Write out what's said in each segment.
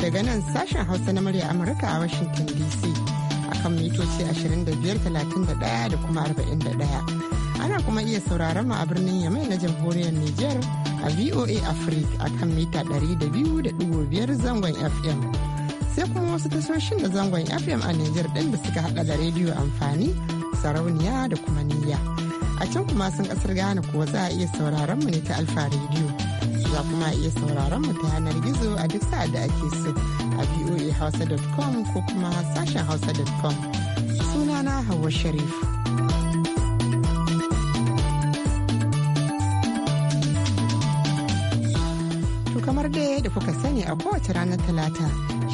daga nan sashen hausa na murya amurka a washington dc akan mitoci 2531 da kuma 41 ana kuma iya sauraron mu a birnin yamai na jamhuriyar niger a voa africa akan mita 200.5 zangon fm sai kuma wasu tasoshin da zangon fm a niger din da suka hada da rediyo amfani sarauniya da kuma niyya a can kuma sun kasar ghana kuwa za a iya sauraron mu ne ta alfa rediyo za kuma iya sauraron mu ta yanar gizo a duk sa'ad da ake so a voahausa.com ko kuma sashen hausa.com sunana hawa sharif kamar dai da kuka sani a kowace ranar talata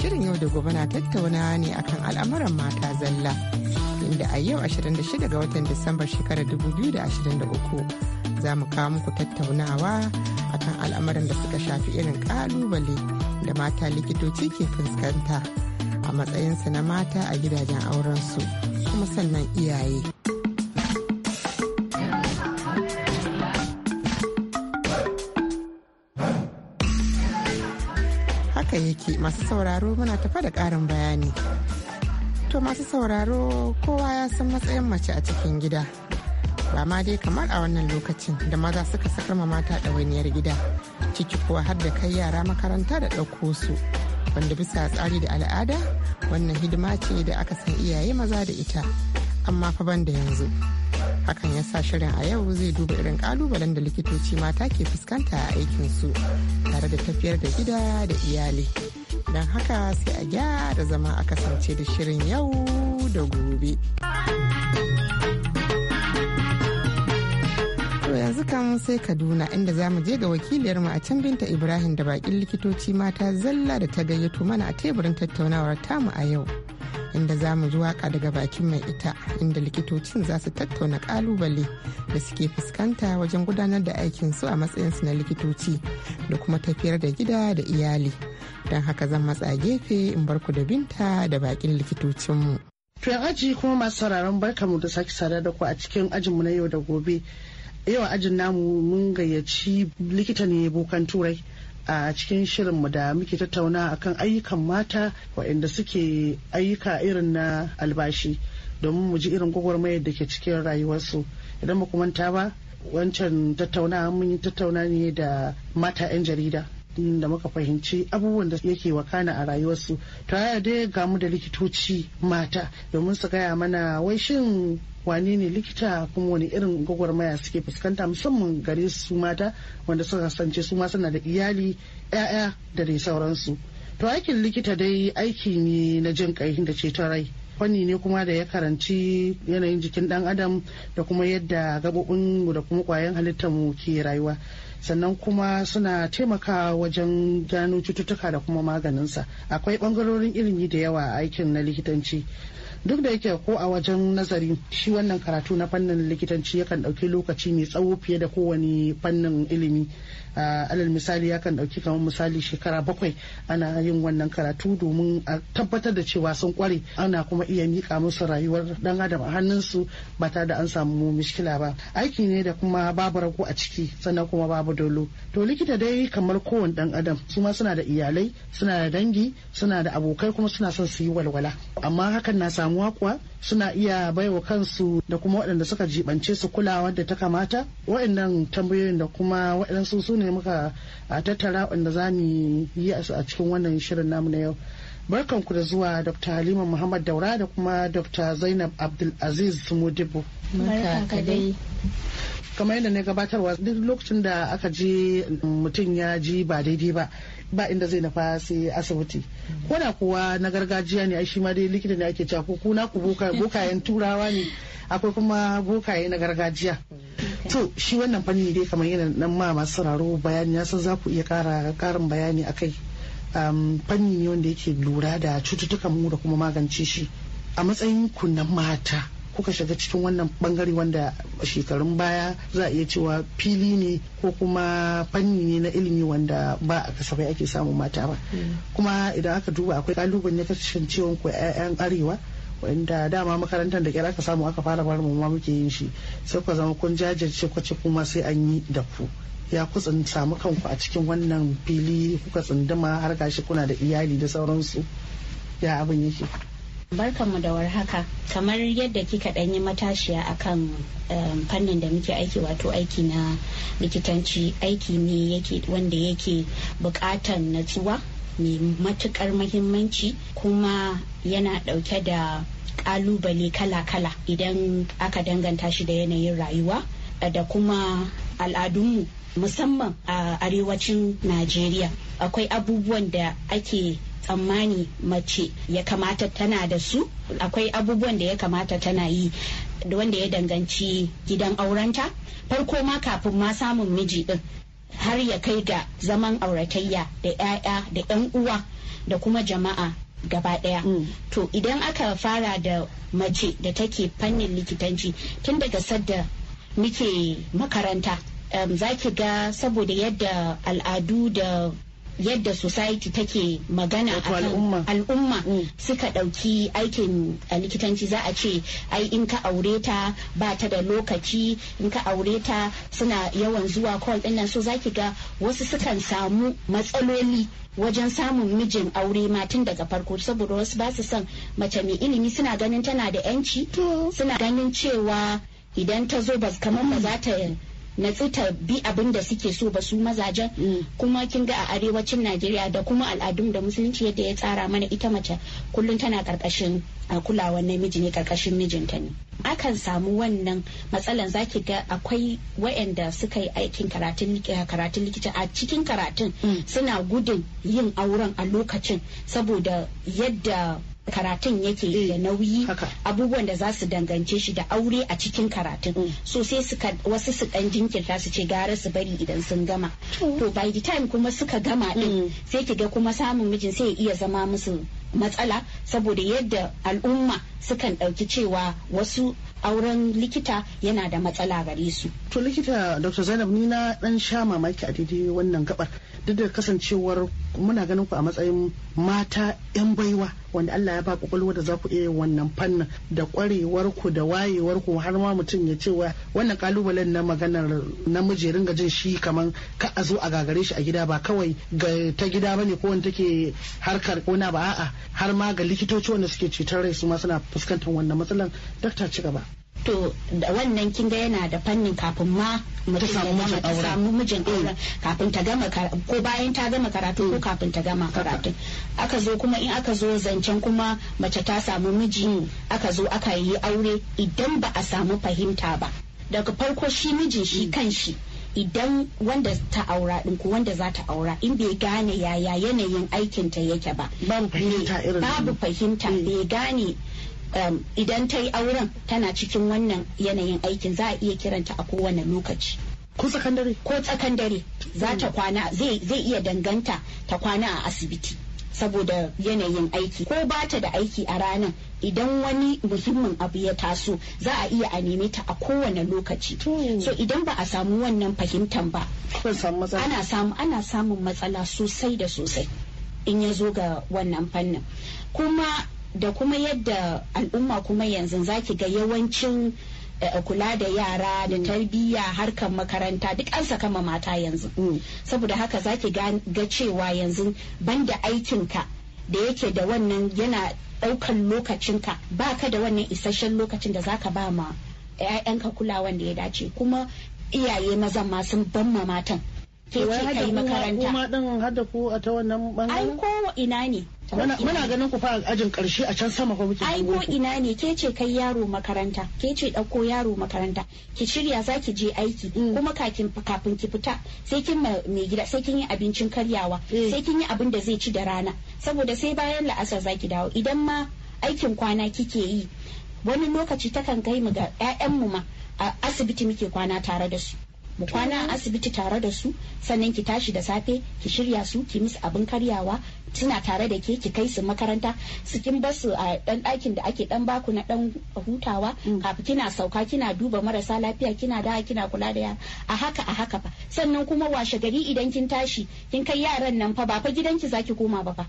shirin yau da gobe na tattauna ne akan al'amuran mata zalla inda a yau 26 ga watan disamba shekarar 2023 za mu kawo muku tattaunawa akan al'amuran da suka shafi irin kalubale da mata likitoci ke fuskanta a matsayinsu na mata a gidajen aurensu kuma sannan iyaye. haka yake masu sauraro muna tafa da ƙarin bayani. To masu sauraro kowa ya san matsayin mace a cikin gida ba dai kamar a wannan lokacin da maza suka sakar ma mata ɗawainiyar gida ciki kuwa har da kai yara makaranta da ɗauko su wanda bisa tsari da al'ada wannan hidima ce da aka san iyaye maza da ita amma fa ban da yanzu hakan ya sa shirin a yau zai duba irin kalubalen da likitoci mata ke fuskanta a aikin su tare da tafiyar da gida da iyali don haka sai a gyara zama a kasance da shirin yau da gobe. yanzu kan sai kaduna inda za mu je ga wakiliyarmu a can binta ibrahim da bakin likitoci mata zalla da ta gayyato mana a teburin tattaunawar tamu a yau inda za mu ji waka daga bakin mai ita inda likitocin za su tattauna kalubale da suke fuskanta wajen gudanar da aikinsu a matsayinsu na likitoci da kuma tafiyar da gida da iyali don haka zan matsa gefe in barku da binta da bakin likitocinmu. To aji kuma masu sauraron barkamu da sake sada da ku a cikin ajinmu na yau da gobe. yau ajin namu mun gayyaci likita ne bukan turai a cikin shirinmu da muke tattauna akan ayyukan mata waɗanda suke ayyuka irin na albashi domin mu ji irin gwagwarmayar da ke cikin rayuwarsu idan ba manta ba wancan tattauna mun yi tattauna ne da mata 'yan jarida da muka fahimci abubuwan da yake wakana a rayuwarsu to haya dai gamu da likitoci mata domin su gaya mana wai shin wane ne likita kuma wani irin gwagwarmaya suke fuskanta musamman gare su mata wanda suka kasance su ma suna da iyali 'ya'ya da dai sauransu to aikin likita dai aiki ne na jin kai da ceton rai fanni ne kuma da ya karanci yanayin jikin dan adam da kuma yadda gabobin da kuma kwayan halittar mu ke rayuwa sannan kuma suna taimakawa wajen gano cututtuka da kuma maganinsa akwai bangarorin ilimi da yawa a aikin na likitanci duk da yake ko a wajen nazari shi wannan karatu na fannin likitanci yakan ɗauki lokaci mai tsawo fiye da kowane fannin ilimi alal misali ya kan ɗauki kamar misali shekara bakwai ana yin wannan karatu domin a tabbatar da cewa sun kware ana kuma iya mika musu rayuwar ɗan adam a hannunsu ba tare da an samu mishkila ba aiki ne da kuma babu rago a ciki sannan kuma babu dolo to likita dai kamar kowane ɗan adam su ma suna da iyalai suna da dangi suna da abokai kuma suna son su yi walwala amma hakan na samuwa kuwa suna iya baiwa kansu da kuma waɗanda suka jibance su kula da ta kamata waɗannan tambayoyin da kuma waɗansu su ne muka tattara waɗanda za mu yi a cikin wannan shirin namu na yau barkanku da zuwa dr halima muhammad daura da kuma dr zainab abdulaziz sumudibu kamar yadda na gabatarwa duk lokacin da aka ji mm, mutum ya ji ba daidai ba ba inda zai nafa sai asibiti ko da kuwa na gargajiya ne shi ma dai likita ne ake cewa ko kuna ku bokayen turawa ne akwai kuma bokaye na gargajiya to shi wannan fanni dai kamar yana nan ma masu sauraro bayani ya san za ku iya kara karin bayani akai fanni ne wanda yake lura da cututtukan mu da kuma magance shi a matsayin ku na mata kuka shiga cikin wannan bangare wanda shekarun baya za a iya cewa fili ne ko kuma fanni ne na ilimi wanda ba a kasafai ake samun mata ba kuma idan aka duba akwai kalubale kasashen ciwon ku 'ya'yan arewa wanda dama makarantar da kyar aka samu aka fara bar mu ma muke yin shi sai ku zama kun jajirce kwace kuma sai an yi da ku ya ku samu kanku a cikin wannan fili kuka tsunduma har gashi kuna da iyali da sauransu ya abin yake Barkanmu da warhaka kamar yadda kika ɗanyi matashiya akan um, fannin da muke aiki wato aiki na likitanci aiki ne yake wanda yake buƙatan natsuwa mai matuƙar mahimmanci kuma yana ɗauke da ƙalubale kala-kala idan aka danganta shi da yanayin rayuwa eh, da kuma al'adunmu musamman a arewacin najeriya akwai abubuwan da ake tsammani mace ya kamata tana da su akwai abubuwan da ya kamata tana yi wanda ya danganci gidan aurenta farko ma kafin ma samun miji din har ya kai ga zaman auratayya da 'ya'ya da 'yan uwa da kuma jama'a gaba daya mm. to idan aka fara da mace da take fannin likitanci tun daga sadda muke makaranta um, zaki ga saboda yadda al'adu da yadda society take magana A al'umma Al'umma mm. suka ɗauki aikin likitanci za a ce ai in ka aure ta ba ta da lokaci in ka aure ta suna yawan zuwa call nan so zaki ga wasu sukan samu matsaloli wajen samun mijin aure matun daga farko saboda wasu ba su son mace mai ilimi suna ganin tana da 'yanci suna ganin cewa idan ta zo ba kamar ba za ta na ta bi abin da suke so ba su mazajen mm. kuma kin ga a arewacin najeriya da kuma al'adun da musulunci yadda ya tsara mana ita mace kullum tana karkashin kulawa namiji ne karkashin mijinta ne akan samu wannan matsalan zaki ga akwai wayanda suka yi aikin karatun eh, likita a cikin karatun mm. suna gudun yin auren a lokacin saboda yadda karatun yake da eh, nauyi abubuwan da za su dangance shi da aure a cikin karatun mm. so sai wasu su kan jinkirta su ce gara su bari idan sun gama to by the time kuma suka gama din mm. sai ki ga kuma samun mijin sai ya iya zama musu matsala saboda yadda al'umma sukan ɗauki cewa wasu auren likita yana da matsala gare su. To likita Dr. Zainab ni na dan sha mamaki a daidai wannan gabar duk da kasancewar muna ganin ku a matsayin mata 'yan baiwa wanda Allah ya ba kwakwalwa da za ku iya wannan fannin da kwarewar ku da wayewar ku har ma mutum ya cewa wannan kalubalen na maganar namiji ringa jin shi kaman ka a zo a gagare shi a gida ba kawai ga ta gida bane ko wanda take harkar kona ba a'a har ma ga likitoci wanda suke cutar rai su ma suna fuskantar wannan matsalan dakta ci gaba to da wannan kinga yana da fannin kafin ma ta samu mijin mm. aure. kafin ta gama ko bayan ta gama karatu ko kafin ta gama karatu aka zo kuma in aka zo zancen kuma mace ta samu miji aka zo aka yi aure idan ba a samu fahimta ba daga farko shi mijin shi mm. kan shi idan wanda ta aura din ko wanda za ta aura in bai gane yaya yanayin aikinta yake ba babu fahimta irin babu fahimta mm. bai gane Um, idan ta yi auren tana cikin wannan yanayin aikin za a iya kiranta a kowane lokaci ko tsakandare. ko tsakandare za ta hmm. kwana zai iya danganta ta kwana a asibiti saboda yanayin aiki ko ba ta da aiki a ranar idan wani muhimmin abu ya taso za a iya a neme ta a kowane lokaci so idan ba a samu wannan fahimtar ba ana samu ana samun matsala sosai da sosai in ya zo ga wannan fannin kuma da kuma yadda al'umma kuma yanzu zaki ga yawancin eh, kula da yara da mm. tarbiyya harkar makaranta duk an saka ma mata yanzu mm. saboda haka zaki ga cewa yanzu banda aikinka da yake da wannan yana daukan lokacinka ba ka da wannan isasshen lokacin da zaka ba ma 'ya'yanka kulawan da ya dace kuma iyaye mazan ma sun ban ma matan ke ce kai makaranta ai ko ina ne muna ganin ku fa ajin karshe a can sama ko kuke ai ko ina ne ke ce kai yaro makaranta ke ce dauko yaro makaranta ki shirya za ki je aiki mm. kuma kafin kafin ki fita sai kin mai gida sai kin yi abincin karyawa mm. sai kin yi abin da zai ci da rana saboda sai bayan la'asar za ki dawo idan ma aikin kwana kike yi wani lokaci takan kai mu ga 'ya'yanmu ma a asibiti muke kwana tare da su mu kwana a asibiti tare da su sannan ki tashi da safe ki shirya su ki musu abin karyawa suna tare da ke ki kai su makaranta su kin bar su a dan ɗakin da ake dan baku na dan hutawa mm. kafin kina sauka kina duba marasa lafiya kina da kina kula da yara a haka a haka fa sannan kuma washe gari idan kin tashi kin kai yaran nan fa ba fa gidanki zaki koma ba fa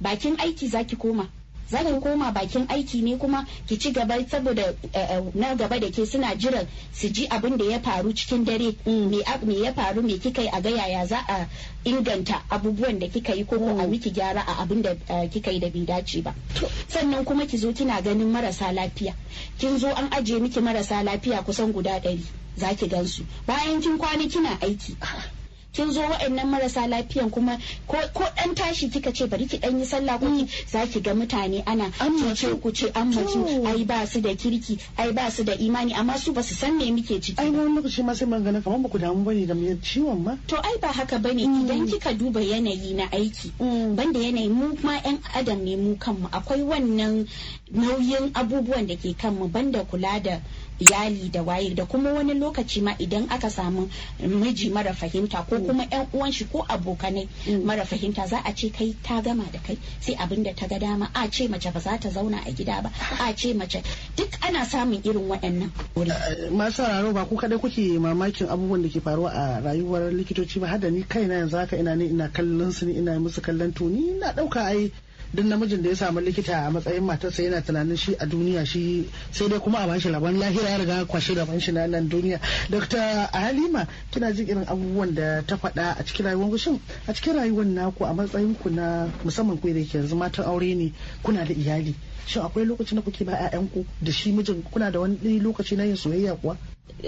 bakin aiki zaki koma zan koma bakin aiki ne kuma ki ci gaba saboda eh, eh, na gaba da ke suna jiran su ji abin da ya faru cikin dare mm. me ya faru me kika yi a ga yaya za a inganta abubuwan da kika yi ko a mm. miki gyara a abin da eh, kika yi da bai dace ba sannan kuma ki zo kina ganin marasa lafiya kin zo an ajiye miki marasa lafiya kusan guda ɗari zaki ki gansu bayan kin kwana kina aiki ah. kin zo wa'annan marasa lafiyan kuma ko ɗan tashi kika ce bari ki ɗan yi sallah ko ki mm. ga mutane ana ce ku ce an ai ba su da kirki ai ba su da imani amma su ba su san me muke ciki ai wani lokaci ma sai magana kamar ba ku damu bane da ciwon ma to ai ba haka bane mm. idan kika duba yanayi na aiki mm. banda yanayi mu ma yan adam ne mu kanmu akwai wannan nauyin abubuwan da ke kanmu banda kula da Yali da waye da kuma wani lokaci ma idan aka samu miji mara fahimta ko mm. kuma yan uwan shi ko abokanai mm. mara fahimta za a ce kai ta gama da kai sai abin da ta ga dama a ce mace ba za ta zauna a gida ba a ce mace duk ana samun irin waɗannan wuri eh, masu sauraro ba ku kaɗai kuke mamakin abubuwan da ke faruwa a rayuwar likitoci ba hada ni kaina yanzu haka ina ne ina kallon su ne ina musu kallon to ni na ɗauka ai duk namijin da ya samu likita a matsayin matarsa yana tunanin shi a duniya shi sai dai kuma a bashi rabon lahira ya riga kwashe rabon shi na nan duniya dr halima kina jin irin abubuwan da ta faɗa a cikin rayuwar shin a cikin rayuwar naku a matsayin ku na musamman ku da ke yanzu matan aure ne kuna da iyali shin akwai lokaci na kuke ba 'ya'yanku da shi mijin kuna da wani lokaci na yin soyayya kuwa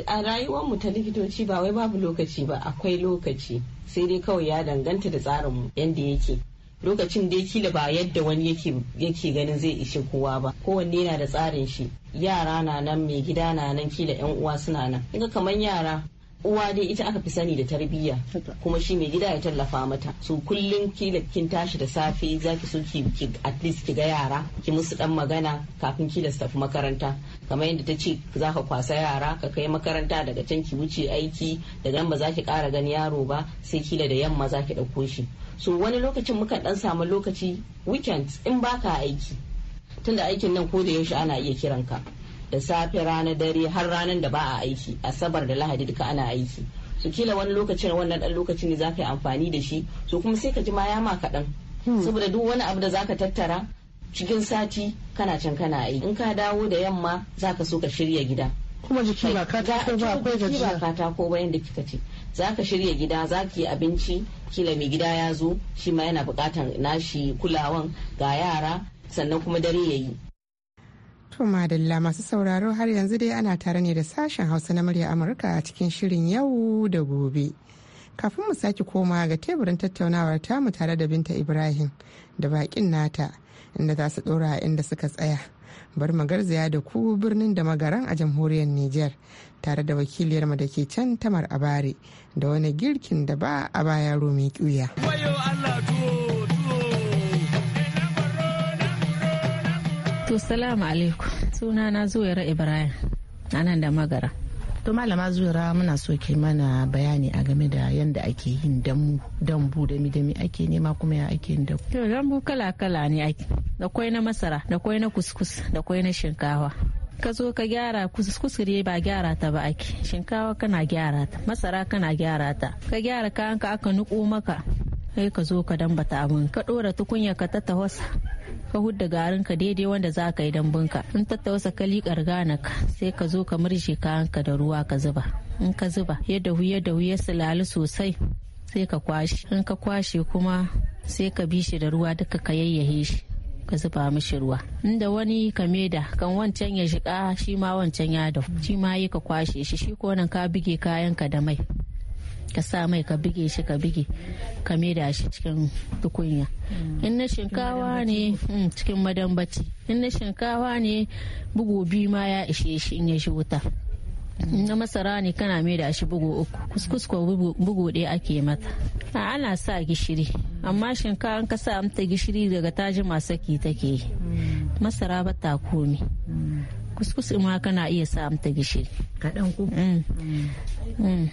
a rayuwar mu ta likitoci ba wai babu lokaci ba akwai lokaci sai dai kawai ya danganta da tsarin mu yanda yake lokacin da kila ba yadda wani yake ganin zai ishe kowa ba kowanne yana da tsarin shi yara na nan mai gida na nan kila yan uwa suna nan kinga kamar yara uwa dai ita aka fi sani da tarbiyya kuma shi mai gida ya tallafa mata su kullum kila kin tashi da safe zaki so ki at least ki ga yara ki musu dan magana kafin kila su tafi makaranta kamar yadda ta ce za ka kwasa yara ka kai makaranta daga can ki wuce aiki daga nan ba za ki kara gani yaro ba sai kila da yamma za ki ɗauko shi so wani lokacin mukan dan samu lokaci weekend in baka aiki tunda aikin nan ko da yaushe ana iya kiranka da safe rana dare har ranar da ba a aiki asabar da lahadi duka ana aiki su kila wani lokacin wannan dan lokacin ne zaka yi amfani da shi so kuma sai ka ji ma ya ma kaɗan hmm. saboda duk wani abu da zaka tattara cikin sati kana can kana aiki in ka dawo da yamma zaka so ka shirya gida kuma jiki ba katako ba akwai gajiya jiki ba katako ba yanda kika ce zaka shirya gida zaki yi abinci kila mai gida ya zo shi ma yana bukatan nashi kulawan ga yara sannan kuma dare ya yi To madalla masu sauraro har yanzu dai ana tare ne da sashen hausa na murya Amurka a cikin shirin yau da gobe. Kafin mu sake koma ga teburin tattaunawar tamu tare da Binta Ibrahim da bakin nata inda za su dora inda suka tsaya. Bar magarzaya da ku birnin da magaran a jamhuriyar Nijar tare da wakiliyar wakiliyarmu da ke can tamar bari da wani girkin da ba a baya mai ƙuya. To salamu alaikum suna na zuwaira Ibrahim a nan da magara. To malama zuwaira muna so ke mana bayani a game da yadda ake yin dambu dambu dami dami ake nema kuma ya ake yin dambu. To dambu kala kala ne ake da kwai na masara da kwai na kuskus da kwai na shinkawa. ka zo ka gyara kuskure ba gyara ta ba ake shinkawa kana gyara ta masara kana gyara ta ka gyara kayan ka aka nuko maka kai ka zo ka dambata abin ka dora tukunya ka ta tawasa ka hudda garin ka daidai wanda za ka yi ka. in ta tawasa ka liƙar ganaka sai ka zo ka murje kayanka da ruwa ka zuba in ka zuba yadda huye da huye sulali sosai sai ka kwashe in ka kwashe kuma sai ka bi shi da ruwa duka ka yayyahe shi ka zuba mishi ruwa inda wani ka meda kan wancan ya shiga shi ma wancan ya dau shi ma yi ka kwashe shi shi ko nan ka buge kayan ka da mai ka sa mai ka bige shi ka bige ka da shi cikin tukunya in na shinkawa ne hmm, cikin madambaci in na shinkawa ne bugu biyu ma ya ishe shi in ya shi wuta na masara ne kana mai da shi bugu uku ko bugu ɗaya ake mata ana sa gishiri amma shinkawa ka sa mata gishiri daga tajima saki take yi masara ba ta komi kuskus ma kana iya sa amta gishiri kaɗan ku mm. Mm. Mm.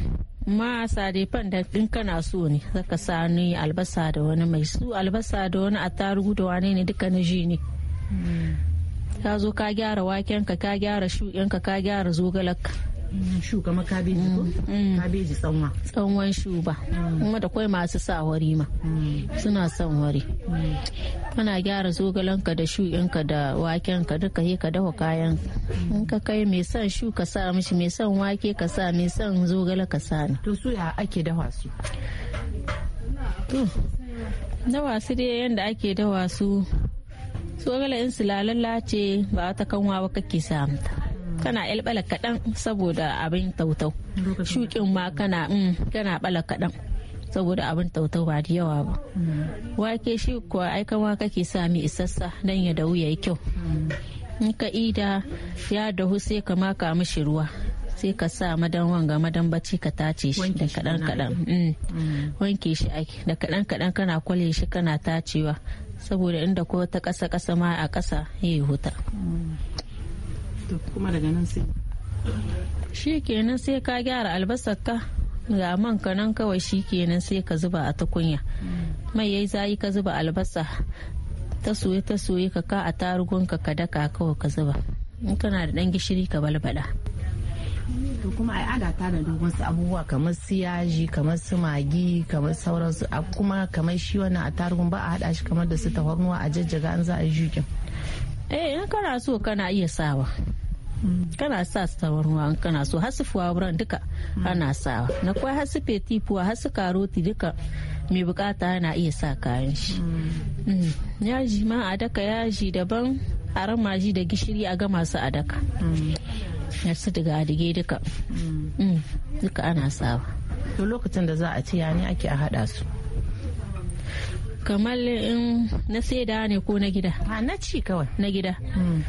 ma fan da ɗin kana so ne zaka sa albasa da wani mai su albasa da wani a attarugu da wane ne duka na ji ne ka zo ka gyara wakenka ka gyara shuɗinka ka gyara zogalarka shuka makabeji kabeji ko mm. kabeji tsanwa tsanwan shuba mm. kuma da kwai masu sa wari ma mm. suna son wari kana gyara zogalanka da shuɗinka da wakenka duka he ka dafa kayan in ka kai mai son shu ka sa mishi mai son wake ka sa mai son zogale ka sa to su ya ake dawa su to dawa su dai yanda ake dawa su zogale in su lalala ce ba ta kanwa ba kake samta kana ƴalɓala kaɗan saboda abin tautau shukin ma kana mm, kana ɓala kaɗan saboda abin tautau ba da yawa ba mm. wake shi kuwa aikan wa kake sami isassa dan ya dawu yayi kyau mm. in ka ida ya dahu sai ka maka mishi ruwa sai ka sa madan wanga madan bacci ka tace shi da kaɗan kaɗan wanke shi ake da kadan kadan kana kwale shi kana tacewa saboda inda ko ta kasa kasa ma a kasa yi huta kuma daga nan sai shi kenan sai ka gyara albasar ka ga man ka nan kawai shi kenan sai ka zuba a tukunya mai yayi zayi ka zuba albasa ta soye ta soye ka ka a tarugun ka ka daka kawai ka zuba in kana da dan gishiri ka balbada to kuma ai ada ta da su abubuwa kamar su yaji kamar su magi kamar sauransu kuma kamar shi wannan a tarugun ba a hada shi kamar da su tafarnuwa a jajjaga an za a yi jukin eh in kana so kana iya sawa kana sa tawarnuwa in kana so hasu fuwaburan duka ana sawa na kwai hasu fetifuwa hasu karoti duka mai bukata yana iya sa kayan shi mm. yaji ma a daka yaji daban a ramaji da gishiri a gama su a daka mm. su daga adige duka mm. duka ana sawa to lokacin da za a ci ya ne ake a hada su kamar in na saida ne ko na gida a ah, na ci kawai na gida hmm.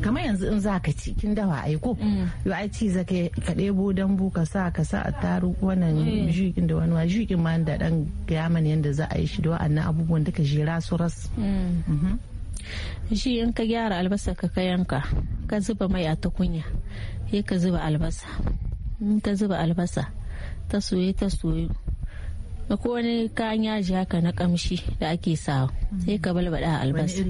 kamar yanzu in za ka ci kin dawa ai ko hmm. yo ai ci zaka ka ɗebo dambu ka sa ka sa a taru wannan eh. jikin da wani jikin ma da dan gaya mana yanda za a yi shi da wa'annan abubuwan duka jera su ras hmm. mhm. shi in ka gyara albasa ka kayanka yanka ka zuba mai a tukunya sai ka zuba albasa in ka zuba albasa ta soye ta soye ko wani kayan yaji haka na kamshi da ake sawa sai ka balbada albasa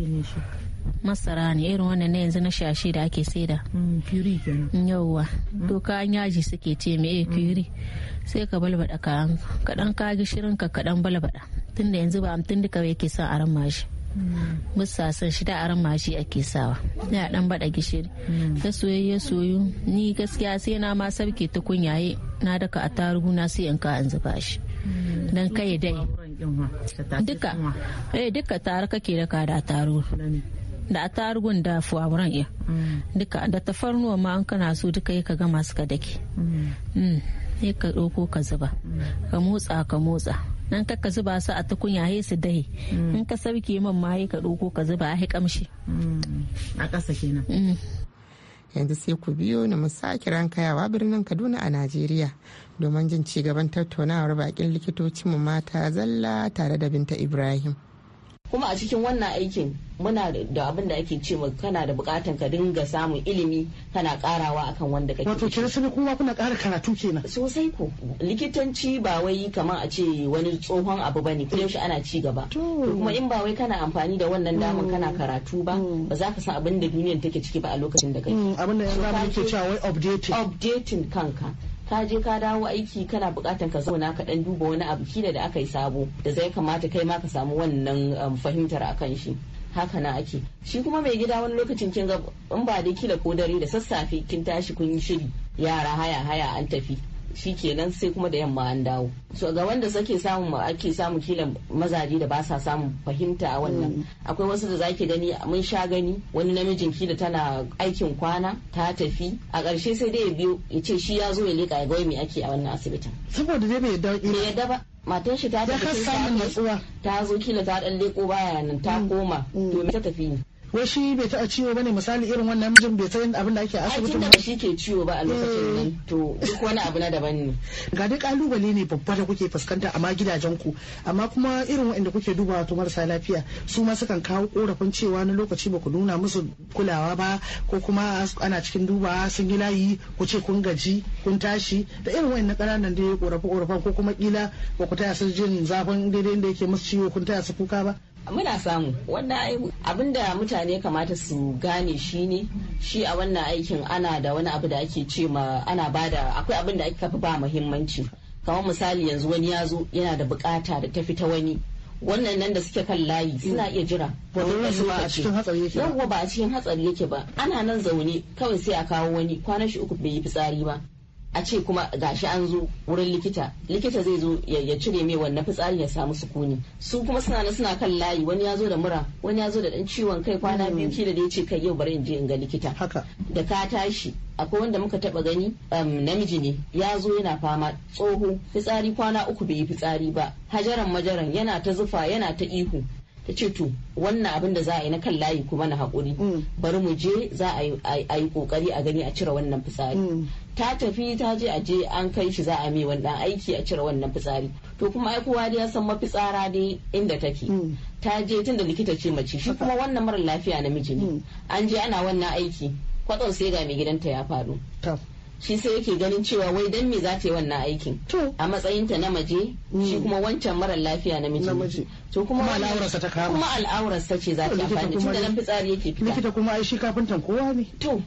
masara ne irin wannan na yanzu na shashi da ake saida mm, kenan yawwa mm. to kayan yaji suke ce me eh firi mm. sai ka balbada kayan dan ka gishirin ka dan balbada tunda yanzu ba amtin duka yake son aran mashi san shi da aran mashi ake sawa da dan bada gishiri ta soyayya soyu ni gaskiya sai na ma sabke yi na daka a tarugu na sai in ka an zuba shi Mm. don kai dai duka eh duka tare kake da ka da taro da a tarugun da fuwaburan iya mm. duka da tafarnuwa ma an kana so duka ya ka gama suka dake mm. sai ka ɗauko ka zuba ka motsa ka motsa nan ka ka zuba su a tukunya sai su dahe in ka sauke man ma ka ɗauko ka zuba a kamshi a ƙasa kenan yanzu sai ku biyo na musaki kayawa birnin kaduna a najeriya domin jin ci gaban tattaunawar bakin likitocinmu mata zalla tare da binta ibrahim kuma a cikin wannan aikin muna da abin da ake ce kana da bukatan ka dinga samun ilimi kana karawa akan wanda kake wato kira sani kuma kuna kara karatu kenan sosai ko likitanci ba wai kamar a ce wani tsohon abu bane ko shi ana ci gaba kuma in ba wai kana amfani da wannan daman mm. kana karatu ba mm. ba za ka san abin da duniyar take ciki ba a lokacin da kake mm, abin da yanzu ke cewa wai updating updating kanka ka je ka dawo aiki kana bukatan ka zauna ka dan duba wani abu kila da aka yi sabo da zai kamata kai ma ka samu wannan um, fahimtar akan shi haka na ake shi kuma mai gida wani lokacin kin ga in ba da kila ko dare da sassafe kin tashi kun yi shiri yara haya haya an tafi shi kenan sai kuma da yamma an dawo so ga wanda sake samu ake samu kila mazaje da ba sa samun fahimta a wannan mm. akwai wasu da zaki gani mun sha gani wani namijin kila tana aikin kwana ta tafi a ƙarshe sai dai ya biyo ya ce shi ya zo ya leƙa ya ga me ake a wannan asibitin saboda dai bai yarda bai yadda ba matan shi ta tafi ta zo kila ta dan leko baya nan ta mm. koma mm. to me ta tafi ne wasu bai taɓa ciwo bane misali irin wannan mijin bai san abin da ake asibiti ba shi ke ciwo ba a lokacin eh. nan to duk wani abu na daban ne ga duk kalubale ne babba da kuke fuskanta amma gidajen ku amma kuma irin waɗanda kuke dubawa to marasa lafiya su ma sukan kawo korafin cewa na lokaci ba ku nuna musu kulawa ba ko kuma ana cikin duba sun yi layi ku ce kun gaji kun tashi da irin waɗanda ƙananan da ya korafi korafan ko kuma kila ba ku taya su jin zafin daidai da yake musu ciwo kun taya su kuka ba muna samu wanda abin da mutane kamata su gane shi ne shi a wannan aikin ana da wani abu da ake ce ma ana bada akwai abin da ake kafa ba muhimmanci kamar misali yanzu wani ya zo yana da bukata da ta fita wani wannan nan da suke kan layi suna iya jira ba a cikin hatsari yake ba ana nan zaune kawai sai a kawo wani kwanan shi uku bai yi fitsari ba a ce kuma gashi an zo wurin likita likita zai zo ya cire mai wannan fitsari ya samu sukuni su kuma suna na suna kan layi wani ya zo da mura wani ya zo da dan ciwon kai kwana hmm. biyu kila da ya ce kai yau bari in je in ga likita haka da ka tashi akwai wanda muka taba gani um, namiji ne ya zo yana fama tsoho fitsari kwana uku bai yi fitsari ba hajaran majaran yana ta zufa yana ta ihu ta ce to wannan abin da za a yi na kan layi kuma na haƙuri mm. bari mu je za a yi ƙoƙari a gani a cire wannan fitsari mm. ta tafi ta je a je an kai shi za a mai wannan aiki a cire wannan fitsari to kuma ai kowa ya san mafitsara dai inda take mm. ta je tunda likita ce mace shi kuma wannan mara lafiya namiji ne an je ana wannan aiki kwatsam sai ga mai gidanta ya faru shi sai yake ganin cewa wai dan me za ta yi wannan aikin a matsayinta na maje mm. shi kuma wancan marar lafiya na miji to kuma al'aurarsa ta kama kuma al'aurarsa ce za ta amfani da nan fitsari yake fita likita kuma ai shi kafintan kowa ne to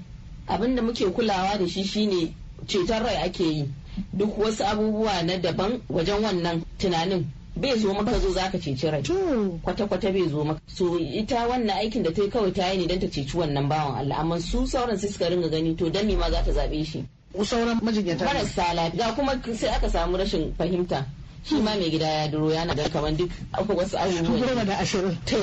abin da muke kulawa da shi shine ceton rai ake yi duk wasu abubuwa na daban wajen wannan tunanin bai zo maka zo zaka ceci rai kwata-kwata bai zo maka so ita wannan aikin da ta yi kawai ta yi ne don ta ceci wannan bawan Allah amma su sauran su suka ringa gani to dan me ma za ta zabe shi sauran majinyata marasa lafiya kuma sai aka samu rashin fahimta shi ma mai gida ya duro yana da kamar duk akwai wasu abubuwa goma da ashirin to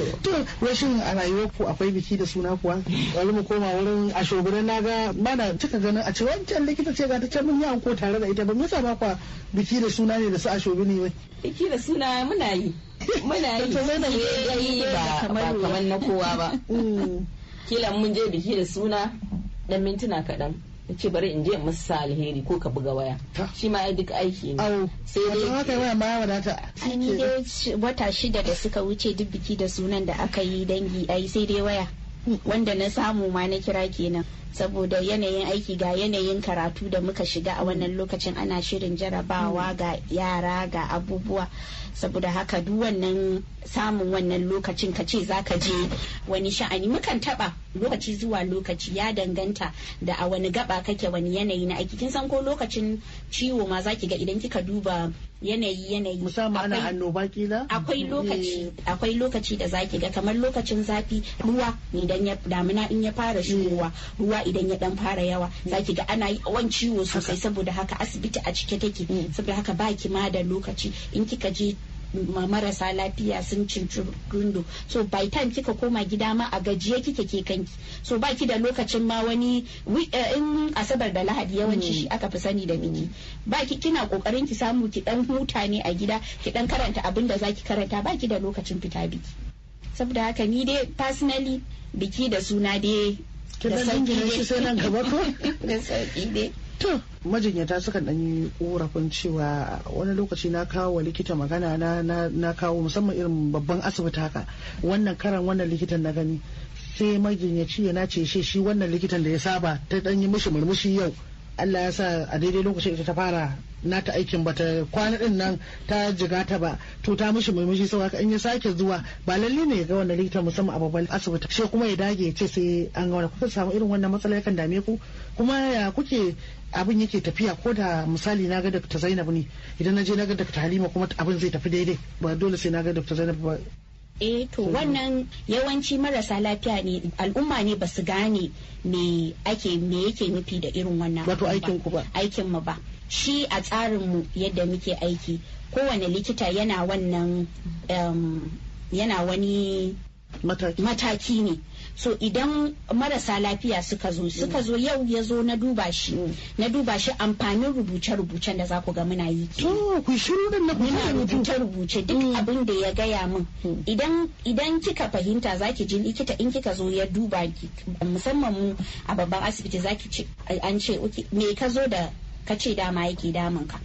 rashin a rayuwa ku akwai biki da suna kuwa wani mu koma wurin a shugaban na ga mana cika ganin a ce wancan likita ce ga ta can mun yi anko tare da ita ba mun ba kwa biki da suna ne da su a shugaban ne biki da suna muna yi muna yi ba kamar na kowa ba mm. kila mun je biki da suna dan mintuna kaɗan in ce bari in je in musu alheri ko ka buga waya shi ma ya duk aiki ne sai dai haka waya ma ya wadata ni dai wata shida da suka wuce duk biki da sunan da aka yi dangi ai sai dai waya wanda na samu ma na kira kenan saboda yanayin aiki ga yanayin karatu da muka shiga a wannan lokacin ana shirin jarabawa mm. ga yara ga abubuwa saboda haka duk wannan samun wannan lokacin ka ce zaka je wani sha'ani mukan taba lokaci zuwa lokaci ya danganta da a wani gaba kake wani yanayi na aiki kin san ko lokacin ciwo ma zaki ga idan kika duba yanayi yanayi musamman akwai mm. lokaci eh. akwai lokaci da zaki ga kamar lokacin zafi ruwa idan ya damina in ya fara shigowa mm. ruwa idan ya dan fara yawa mm. zaki ga ana yawan ciwo sosai saboda haka asibiti a cike take saboda haka baki ma da lokaci in kika je marasa lafiya sun cinci rundo so by time kika koma gida ma a gajiye kike ke kanki so baki da lokacin ma wani eh, in asabar da lahadi yawanci shi mm. aka fi sani da biki baki kina kokarin ki samu ki dan huta ne a gida ki dan karanta abin da zaki karanta baki da lokacin fita biki saboda haka ni dai personally biki da suna dai da sauki dai To, majinyata sukan dan yi korafin cewa wani lokaci na kawo wa likita magana na, na, kawo musamman irin babban asibiti haka wannan karan wannan likitan na gani sai majinyaci ya nace shi shi wannan likitan da ya saba ta dan yi mishi murmushi yau Allah ya sa a daidai lokacin ita ta fara ta aikin bata kwana din nan ta jiga ta ba to ta mishi murmushi sau haka in ya sake zuwa ba lalle ne ga wannan likita musamman a babban asibiti shi kuma ya dage ya ce sai an ga wani kuka samu irin wannan matsala yakan dame ku kuma ya kuke abin yake tafiya ko da misali na ga Dr. Zainab ne idan na je na ga Dr. Halima kuma abin zai tafi daidai ba dole sai na ga Dr. Zainab ba eh to wannan yawanci marasa lafiya ne al'umma ne ba su gane me ake me yake nufi da irin wannan wato aikin ku ba aikin mu ba shi a tsarin mu yadda muke aiki kowane likita yana wannan yana wani mataki ne so idan marasa lafiya suka zo suka zo yau ya zo na duba shi mm. na duba shi amfanin rubuce-rubucen da za ku ga muna yi to ku shiru din na muna rubuce-rubuce duk mm. abin da ya gaya min mm. idan idan kika fahimta zaki ji likita in kika zo ya duba ki musamman mu a babban asibiti zaki ce an ce me ka zo da ka ce dama yake damun ka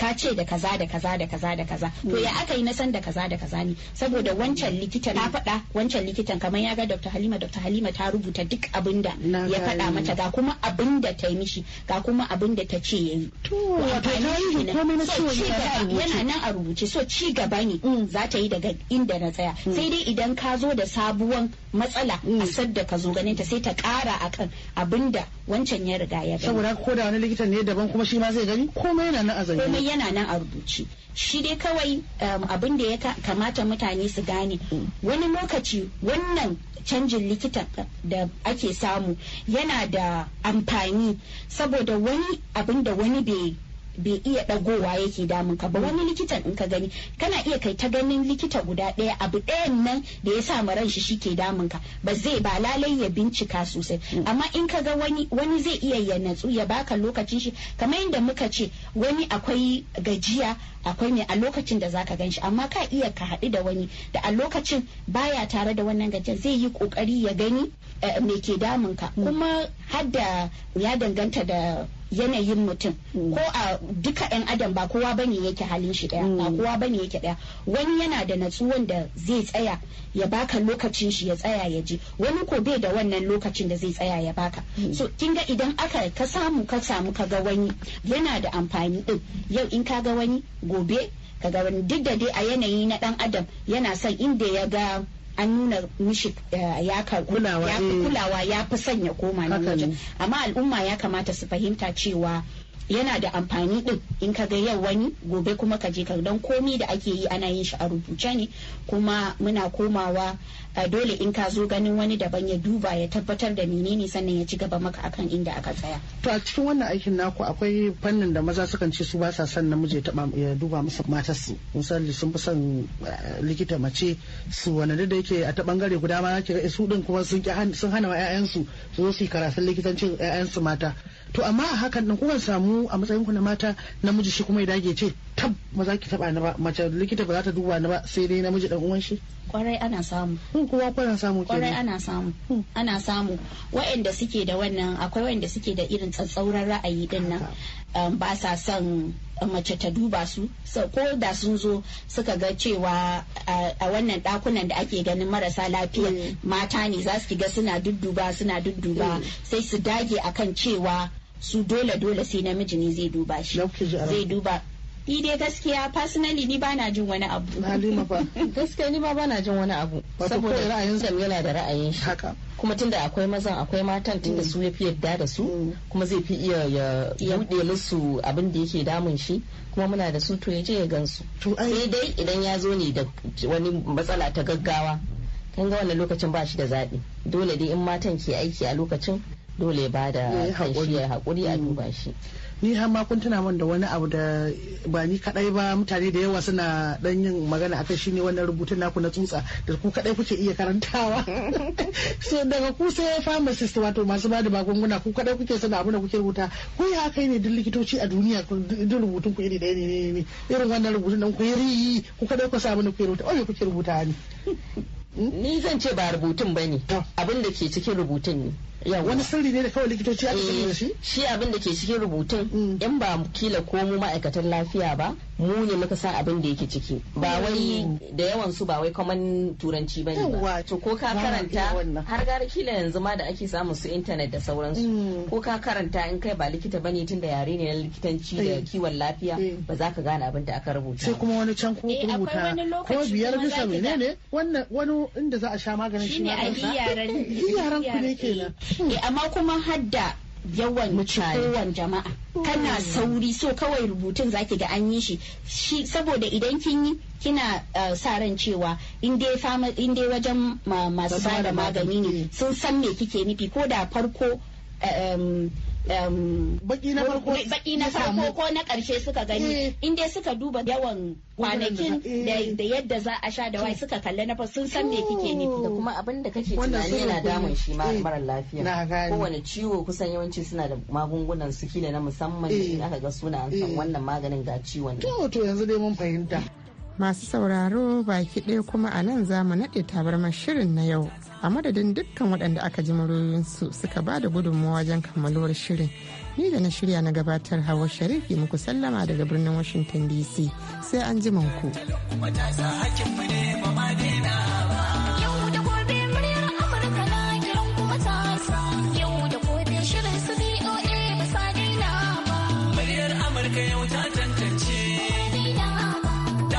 ka ce da kaza da kaza da kaza da kaza to ya aka yi na san da kaza da kaza ne saboda wancan likitan na faɗa wancan likitan kamar ya ga Dr. Halima Dr. Halima ta rubuta duk abin da ya faɗa mata ga kuma abin da ta yi mishi ga kuma abin da ta ce yayi to na yi komai na so yana nan a rubuce so ci gaba ne mm. za ta yi daga inda na tsaya mm. sai dai idan ka zo da sabuwan matsala a mm. da ka zo ganin ta sai ta kara akan abin da wancan ya riga ya saboda ko da wani likitan ne daban kuma shi ma zai gani komai yana nan a zaune komai yana nan a rubuce shi dai kawai um, abin da ya kamata mutane su gane mm. wani lokaci wannan canjin likita da ake samu yana da amfani saboda wani abin da wani bai bai iya dagowa yake damun ka ba hmm. wani likitan in ka gani kana iya kai ta ganin likita guda ɗaya abu ɗayan nan da ya samu ran shi shi ke damun ka ba zai ba lalai ya bincika sosai hmm. amma in ka ga wani wani zai iya ya natsu ya baka lokacin shi kamar yadda muka ce wani akwai gajiya akwai ne a lokacin da zaka gan shi amma ka iya ka haɗu da wani da a lokacin baya tare da wannan gajiya zai yi kokari ya gani eh, me ke damun ka hmm. kuma hadda ya danganta da yanayin mutum mm. ko a duka yan adam ba kowa bane yake halin shi daya ba mm. kowa bane yake daya wani yana da natsuwan da zai tsaya ya baka lokacin shi ya tsaya ya je wani ko bai da wannan lokacin da zai tsaya ya baka mm. so kin ga idan aka ka samu ka samu ka ga wani yana da amfani din yau in ka ga wani gobe ka ga wani duk da dai a yanayi na dan adam yana son inda ya ga an nuna mishi eh, ya kulawa ya fi sanya eh. koma nan wajen amma al'umma ya kamata su fahimta cewa yana da amfani din in ka ga yau wani gobe kuma ka je ka dan komi da ake yi ana yin shi a rubuce ne kuma muna komawa a eh, dole in ka zo ganin wani daban ya duba ya tabbatar da menene sannan ya ci gaba maka akan inda aka tsaya to a cikin wannan aikin naku akwai fannin da maza sukan ce su ba sa son namiji ya taba ya duba musu matar su misali sun fi son eh, likita mace su wani da yake a ta bangare guda ma ki ga eh, su din kuma sun sun hana wa 'ya'yansu su zo su yi karatun likitancin 'ya'yansu mata to amma a hakan din kuka samu a matsayin ku na mata namiji shi kuma ya dage ce tab ba za ki taba ni ba mace likita ba za ta duba ni ba sai dai namiji dan uwan shi kwarai ana samu kun hmm, kowa kwarai samu kwarai ana samu hmm. ana samu waɗanda suke da wannan akwai waɗanda suke da irin tsatsauran ra'ayi din nan um, ba sa son mace ta duba su ko da sun zo suka ga cewa a wannan dakunan da ake ganin marasa lafiya hmm. mata ne za su ga suna dudduba suna dudduba sai su dage akan cewa su dole dole sai namiji ne zai duba shi zai duba ni dai gaskiya personally ni bana jin wani abu maluma ba gaskiya ni ba bana jin wani abu saboda ra'ayin sa yana da ra'ayin shi haka kuma tunda akwai mazan akwai matan tunda su ya fi yadda da su mm. kuma zai fi iya ya buɗe musu abin da yake damun shi kuma muna da su to ya je ya gansu sai dai idan ya zo ne da wani matsala ta gaggawa kan ga wannan lokacin ba shi da zaɓi dole dai in matan ke aiki a lokacin dole ba da kanshi ya haƙuri a mm. duba shi ni har ma kun tuna man da wani abu da ba ni kadai ba mutane da yawa suna dan yin magana akan shi ne wannan rubutun naku na tsutsa da ku kadai kuke iya karantawa so daga ku sai pharmacist wato masu ba da magunguna ku kadai kuke suna abu da kuke rubuta ku ya kai ne duk likitoci a duniya duk rubutun ku iri da ne ne irin wannan rubutun dan ku yi ku kadai ku sa abin da kuke rubuta oh kuke rubuta ni hmm? ni zan ce ba rubutun bane abin da ke cikin rubutun ne wani sirri ne da kawai likitoci a cikin shi eh, shi abin da ke cikin rubutun mm. in ba kila ko mu ma'aikatan lafiya ba mu ne muka san abin da yake ciki ba mm. wai da yawan su ba wai kaman turanci bane ba to ko ka karanta har gara kila yanzu ma da ake samun su internet da sauransu mm. ko ka karanta in kai ba likita bane tunda yare ne na likitanci da eh. kiwon lafiya eh. ba za ka gane abin da aka rubuta sai kuma wani can ko rubuta ko biyar bisa menene wannan wani inda za a sha maganin shi ne a yaran ku ne kenan amma kuma hadda yawan kowan jama'a kana sauri so kawai rubutun zaki ga an yi shi saboda idan kin yi kina eh, sa ran cewa in dai wajen masu bada magani ne sun san me kike nufi ko da farko eh, baki na farko baki na farko ko na karshe suka gani eh. in dai suka duba yawan kwanakin eh. da yadda za a sha da wai suka kalle na sun san me kike nufi da kuma abin da kake tunani yana damun shi mara eh. lafiya kowane ciwo kusan yawanci suna da magungunan su kila na musamman in aka ga suna san wannan maganin ga ciwon to to yanzu dai mun fahimta masu sauraro baki ɗaya kuma a nan za mu naɗe tabarmar shirin na yau a madadin dukkan waɗanda aka ji su suka ba da gudunmawa wajen kammaluwar shirin ni da na shirya na gabatar hawa sharifi muku sallama daga birnin washington dc sai an ji manku.